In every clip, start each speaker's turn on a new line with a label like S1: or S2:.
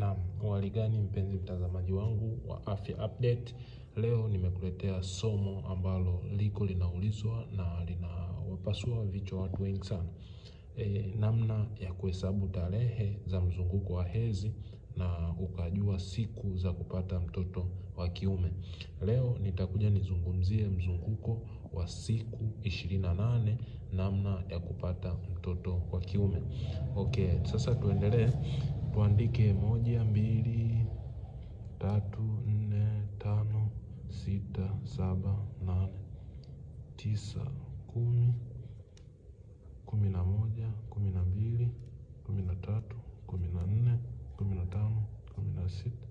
S1: Naam, wali gani mpenzi mtazamaji wangu wa Afya Update. Leo nimekuletea somo ambalo liko linaulizwa na linawapasua vichwa watu wengi sana. E, namna ya kuhesabu tarehe za mzunguko wa hedhi na ukajua siku za kupata mtoto wa kiume. Leo nitakuja nizungumzie mzunguko wa siku ishirini na nane namna ya kupata mtoto wa kiume. Okay, sasa tuendelee tuandike moja, mbili, tatu, nne, tano, sita, saba, nane, tisa, kumi, kumi na moja, kumi na mbili, kumi na tatu, kumi na nne, kumi na tano, kumi na sita,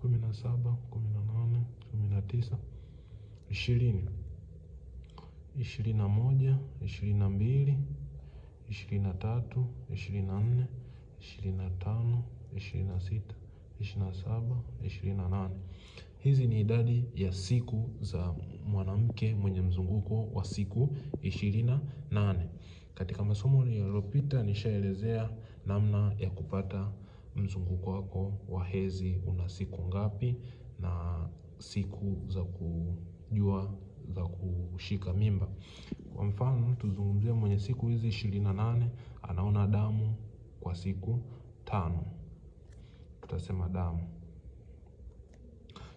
S1: kumi na saba, kumi na nane, kumi na tisa, ishirini, ishirini na moja, ishirini na mbili, ishirini na tatu, ishirini na nne ishirini na tano, ishirini na sita, ishirini na saba, ishirini na nane. Hizi ni idadi ya siku za mwanamke mwenye mzunguko wa siku ishirini na nane. Katika masomo yaliyopita nishaelezea namna ya kupata mzunguko wako wa hedhi una siku ngapi na siku za kujua za kushika mimba. Kwa mfano tuzungumzie mwenye siku hizi ishirini na nane anaona damu kwa siku tano. Tutasema damu.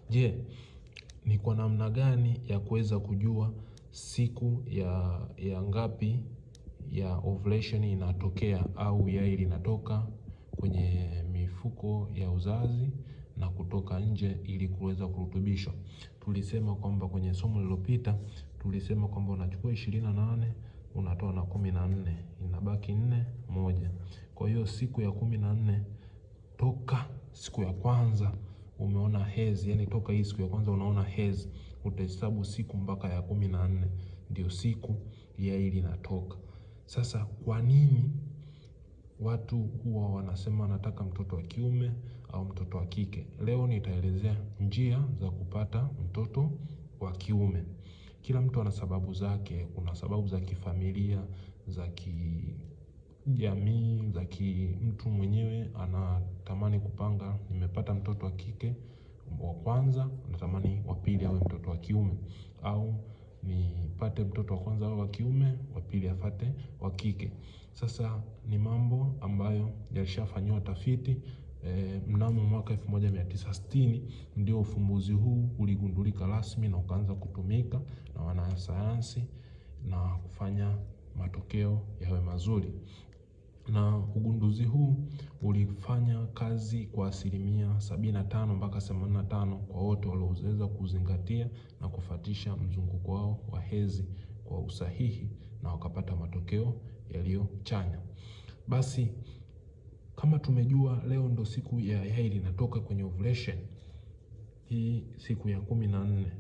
S1: Je, ni kwa namna gani ya kuweza kujua siku ya, ya ngapi ya ovulation inatokea au yai linatoka kwenye mifuko ya uzazi na kutoka nje ili kuweza kurutubishwa. Tulisema kwamba kwenye somo lililopita tulisema kwamba unachukua ishirini na nane unatoa na kumi na nne inabaki nne moja. Kwa hiyo siku ya kumi na nne toka siku ya kwanza umeona hezi, yani toka hii siku ya kwanza unaona hezi, utahesabu siku mpaka ya kumi na nne ndio siku yai linatoka. Sasa kwa nini watu huwa wanasema nataka mtoto wa kiume au mtoto wa kike? Leo nitaelezea njia za kupata mtoto wa kiume. Kila mtu ana sababu zake. Kuna sababu za kifamilia, za ki jamii za kimtu mwenyewe anatamani kupanga, nimepata mtoto wa kike wa kwanza, natamani wa pili awe mtoto wa kiume, au nipate mtoto wa kwanza awe wa kiume, wa pili afate wa kike. Sasa ni mambo ambayo yalishafanyiwa tafiti e, mnamo mwaka 1960 ndio ufumbuzi huu uligundulika rasmi na ukaanza kutumika na wanasayansi na kufanya matokeo yawe mazuri na ugunduzi huu ulifanya kazi kwa asilimia 75 mpaka themanini kwa wote walioweza kuzingatia na kufuatisha mzunguko wao wa hedhi kwa usahihi na wakapata matokeo yaliyo chanya. Basi kama tumejua leo ndo siku ya yai linatoka kwenye ovulation, hii siku ya kumi na nne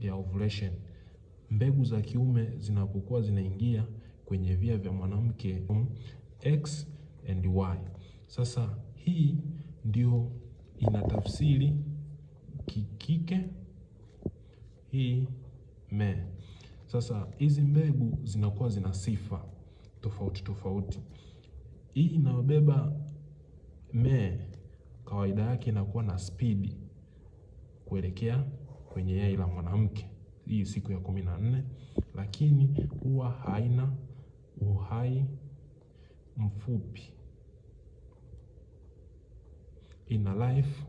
S1: ya ovulation, mbegu za kiume zinapokuwa zinaingia kwenye via vya mwanamke um, x and y. Sasa hii ndio ina tafsiri kikike, hii me. Sasa hizi mbegu zinakuwa zina sifa tofauti tofauti. Hii inayobeba me kawaida yake inakuwa na spidi kuelekea kwenye yai la mwanamke, hii siku ya kumi na nne, lakini huwa haina uhai mfupi. Ina life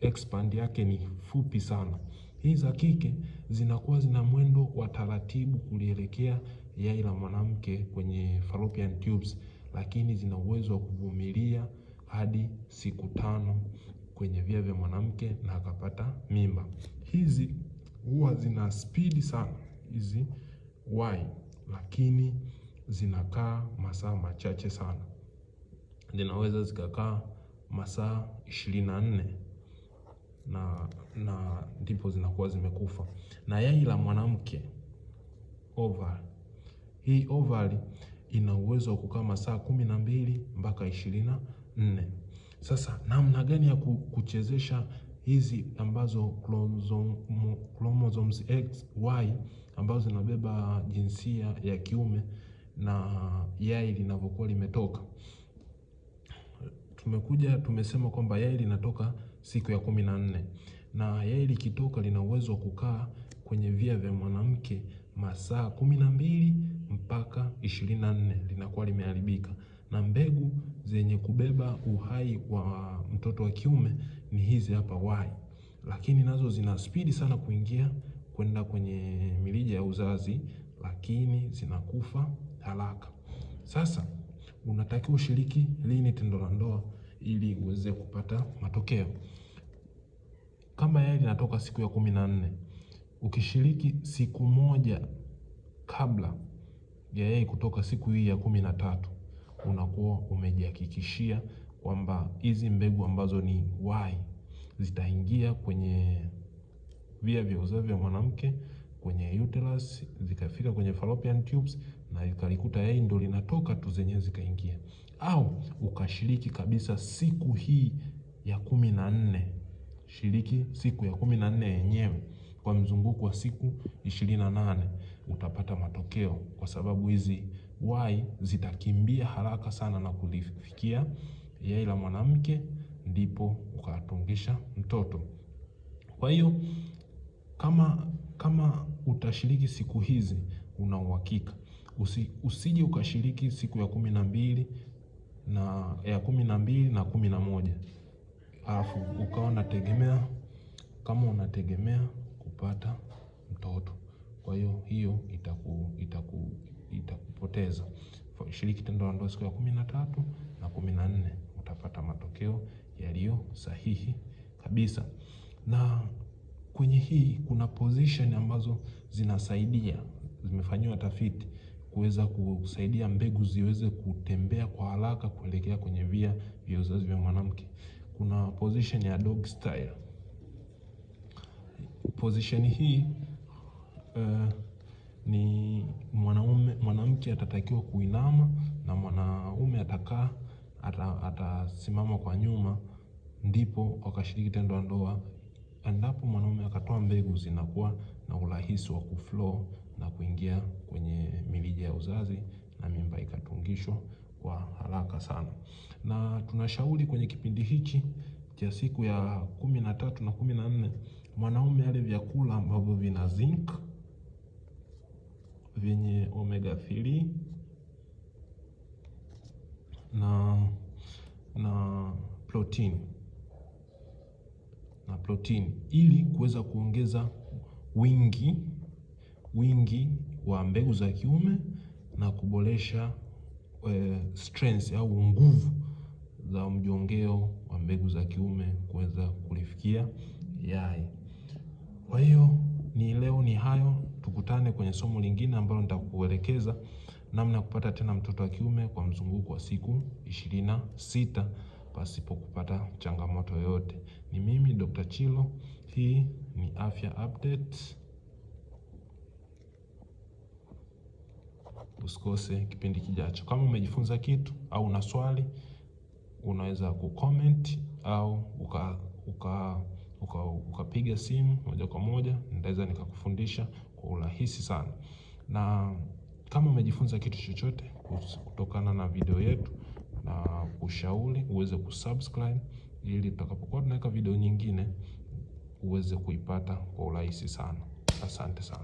S1: expand yake ni fupi sana. Hii za kike zinakuwa zina mwendo wa taratibu kulielekea yai la mwanamke kwenye fallopian tubes, lakini zina uwezo wa kuvumilia hadi siku tano kwenye via vya mwanamke na akapata mimba. Hizi huwa zina spidi sana hizi wai lakini zinakaa masaa machache sana. Zinaweza zikakaa masaa ishirini na nne na na ndipo zinakuwa zimekufa. Na yai la mwanamke oval, hii oval ina uwezo wa kukaa masaa kumi na mbili mpaka ishirini na nne. Sasa namna gani ya kuchezesha hizi ambazo chromosomes X, Y ambazo zinabeba jinsia ya kiume na yai linavyokuwa limetoka. Tumekuja tumesema kwamba yai linatoka siku ya kumi na nne na yai likitoka lina uwezo wa kukaa kwenye via vya mwanamke masaa kumi na mbili mpaka ishirini na nne linakuwa limeharibika, na mbegu zenye kubeba uhai wa mtoto wa kiume ni hizi hapa Y, lakini nazo zina spidi sana kuingia kwenda kwenye mirija ya uzazi, lakini zinakufa haraka. Sasa unatakiwa ushiriki lini tendo la ndoa ili uweze kupata matokeo. Kama yai linatoka siku ya kumi na nne, ukishiriki siku moja kabla ya yai kutoka siku hii ya kumi na tatu unakuwa umejihakikishia kwamba hizi mbegu ambazo ni wai zitaingia kwenye via vya uzazi vya mwanamke kwenye uterus zikafika kwenye fallopian tubes na ikalikuta yai ndio linatoka tu zenyewe zikaingia, au ukashiriki kabisa siku hii ya kumi na nne. Shiriki siku ya kumi na nne yenyewe kwa mzunguko wa siku ishirini na nane utapata matokeo, kwa sababu hizi wai zitakimbia haraka sana na kulifikia yai la mwanamke ndipo ukatungisha mtoto. Kwa hiyo kama kama utashiriki siku hizi una uhakika usi, usije ukashiriki siku ya kumi na mbili na ya kumi na mbili na kumi na moja alafu ukawa unategemea kama unategemea kupata mtoto. Kwa hiyo hiyo itaku itaku itakupoteza. Shiriki tendo la ndoa siku ya kumi na tatu na kumi na nne utapata matokeo yaliyo sahihi kabisa. Na kwenye hii kuna position ambazo zinasaidia, zimefanyiwa tafiti kuweza kusaidia mbegu ziweze kutembea kwa haraka kuelekea kwenye via vya uzazi vya mwanamke. Kuna position ya dog style. Position hii uh, ni mwanaume mwanamke atatakiwa kuinama na mwanaume atakaa atasimama kwa nyuma, ndipo wakashiriki tendo la ndoa. Endapo mwanaume akatoa mbegu, zinakuwa na urahisi wa kuflow na kuingia kwenye mirija ya uzazi na mimba ikatungishwa kwa haraka sana. Na tunashauri kwenye kipindi hichi cha siku ya kumi na tatu na kumi na nne mwanaume ale vyakula ambavyo vina zinc vyenye omega 3 na na protini na protini ili kuweza kuongeza wingi wingi wa mbegu za kiume na kuboresha e, strength au nguvu za mjongeo wa mbegu za kiume kuweza kulifikia yai. Kwa hiyo ni leo ni hayo, tukutane kwenye somo lingine ambalo nitakuelekeza namna ya kupata tena mtoto wa kiume kwa mzunguko wa siku ishirini na sita pasipo kupata changamoto yoyote. Ni mimi Dr. Chilo, hii ni Afya Update. Usikose kipindi kijacho. Kama umejifunza kitu au una swali, unaweza kucomment au uka uka ukapiga uka simu moja kwa moja, nitaweza nikakufundisha kwa urahisi sana na kama umejifunza kitu chochote kutokana na video yetu na kushauri uweze kusubscribe ili tutakapokuwa tunaweka video nyingine uweze kuipata kwa urahisi sana. Asante sana.